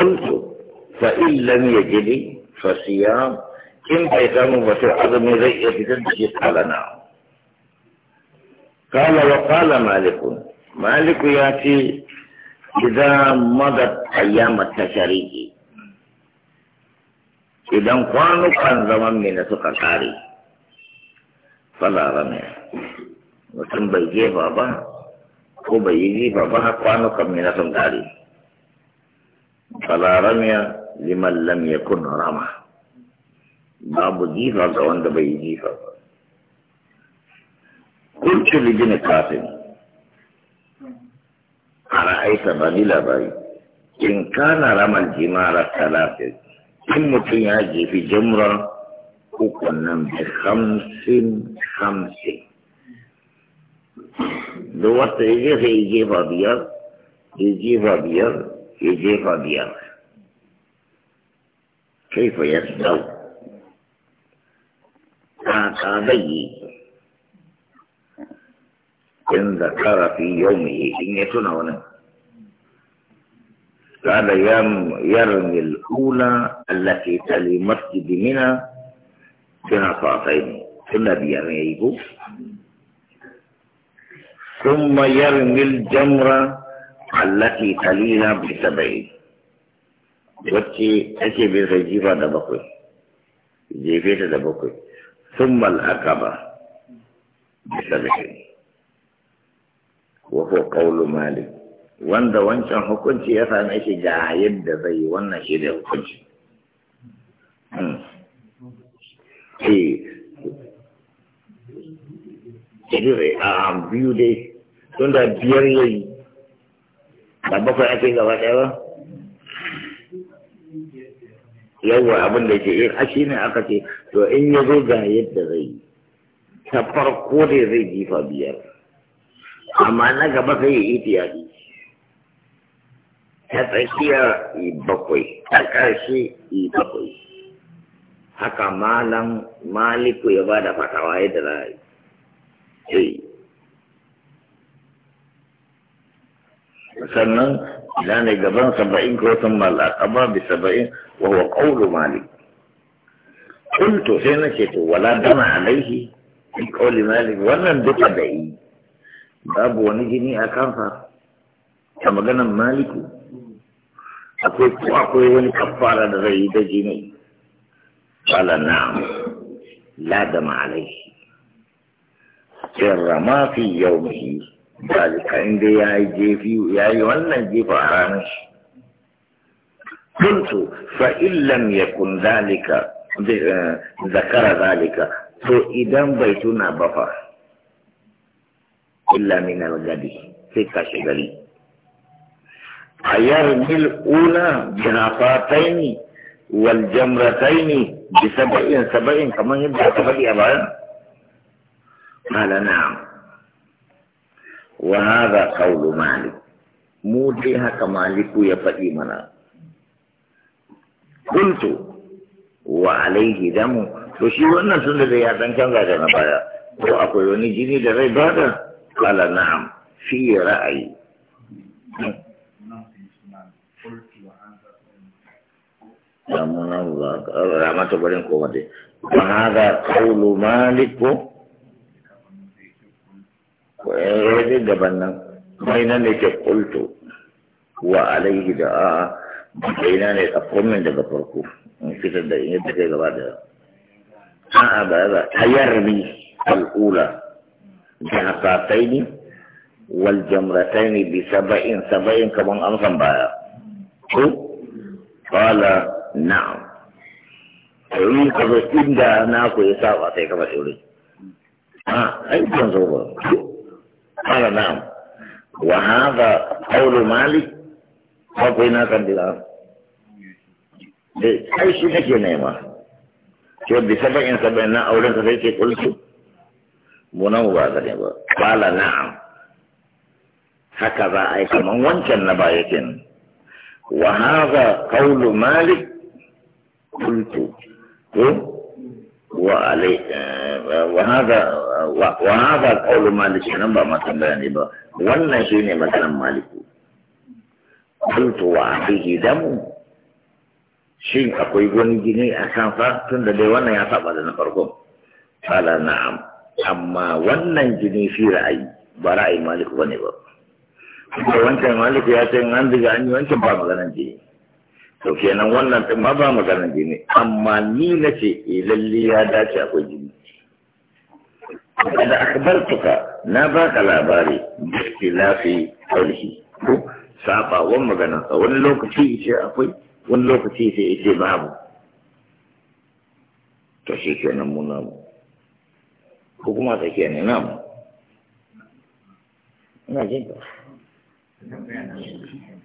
قلت فإن لم يجد فصيام إن بيتام وفي عظم رئية تدشي قال نعم قال وقال مالك مالك يأتي إذا مضت أيام التشريع إذا كانوا كان زمن من سكتاري فلا رمي وتم بيجي بابا ko bai yi ba ba kwano kan mina sun tare فلا رمي لمن لم يكن رمى باب جيفة وان دبي جيفة قلت على أي أرأيت بني باي إن كان رمى الجمار الثلاثة إن متياجي في جمرة أكون بخمس خمس دوات إجيفة إجيفة بيار إجيفة بيار يجيب بيار كيف يصدو عقابي إن ذكر في يومه إن يتنون قال يرمي الأولى التي تلي مسجد منى بنصاطين ثم بيرميه ثم يرمي الجمرة allati talina bi sabai wacce ake bin sai jifa da bakwai jefe ta da bakwai al-aqaba bi sabai wa fa qawlu malik wanda wancan hukunci ya same shi ga yadda zai wannan shi da hukunci hmm. eh. a biyu dai tun da biyar yayi a bakwai ake gaba ɗaya ba yawwa abin da ke yin ashi ne aka ce to in ya zo ga yadda zai yi ta farko da zai jifa biyar amma na gaba sai ya iti ya ɗi ta tsakiya yi bakwai ta ƙarshe yi bakwai haka malam maliku ya ba da fatawa yadda za a yi sannan ila ne gaban saba'in ko sun mal'aqaba bi saba'in wa huwa qawlu malik kuntu sai nake to wala dama alaihi bi qawli malik wannan duka da yi babu wani jini a kansa ta maganan maliku akwai ko akwai wani kafara da zai yi da jini qala na'am la dama alaihi sirra ma fi yawmihi zalika inda ya yi jefi ya yi wannan jefa a ranar shi kuntu fa illam yakun zalika zakara zalika to idan bai tuna ba fa illa min al-gadi sai kashe gari ayar mil ula jinafataini wal jamrataini bi sab'in sab'in kaman yadda aka faɗi a bayan qala na'am wa hadha qawlu malik mu dai haka maliku ya faɗi mana kuntu wa alaihi damu to shi wannan sun da ya dan canza da na baya ko akwai wani jini da zai bada kala na'am fi ra'ayi Ramu ba, ramata barin koma dai. Wa hada malik ko wajen daban nan mai nan ne ke kultu wa alaihi da a bayyana ne tsakomin daga farko in fitar da yadda kai gaba da a'a ba za ta yarbi al'ula da hasatai ne wal jamratai ne bi saba'in saba'in kamar amsan baya ko kala na'am Ayi ka zo inda na ku ya saba sai kama ba ɗaure a aikin zo ba قال نعم وهذا قول مالك فقينا كان بالآن أي شيء نكي نعمة شو بسبع إن سبعنا أولا سبعك قلت منو بعد قال نعم هكذا أي كمان وانشان نبايكين وهذا قول مالك قلت وعلي وهذا wa hada qawlu malik nan ba ma tambaya ne ba wannan shine maganan maliku kuntu wa bihi damu shin akwai wani jini a kan fa tun da dai wannan ya saba da na farko kala na'am amma wannan jini fi ra'ayi ba ra'ayi maliku bane ba ko wancan maliku ya ce an diga an yi wancan ba maganan jini to kenan wannan din ba ba maganan jini amma ni nace eh lalle ya dace akwai jini da akbartuka na baka labari da lafi qawlihi ko saba wa magana wani lokaci ce akwai wani lokaci sai ce babu to shi muna mu namu ko kuma ta kenan namu ina jin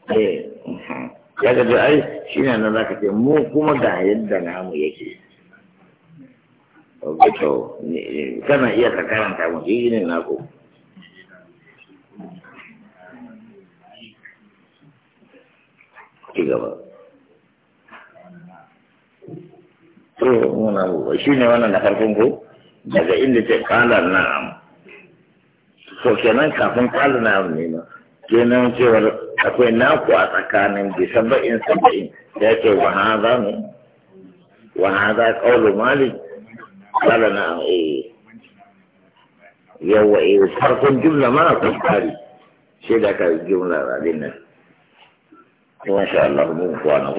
ka eh ya ga ai shi ne na zaka ce mu kuma ga yadda namu yake ok to kana iya ka karanta mu shi ne na ko ci gaba to muna shi ne wannan na farkon ko daga inda ce kala na'am to kenan kafin kala na'am ne ma kenan cewar akwai naku a tsakanin bi saba'in saba'in ya ce wa haza ne wa haza qawlu malik kala na eh. yawa eh farkon jumla mara kuskari sai da ka jumla radin nan to insha Allah mun kwana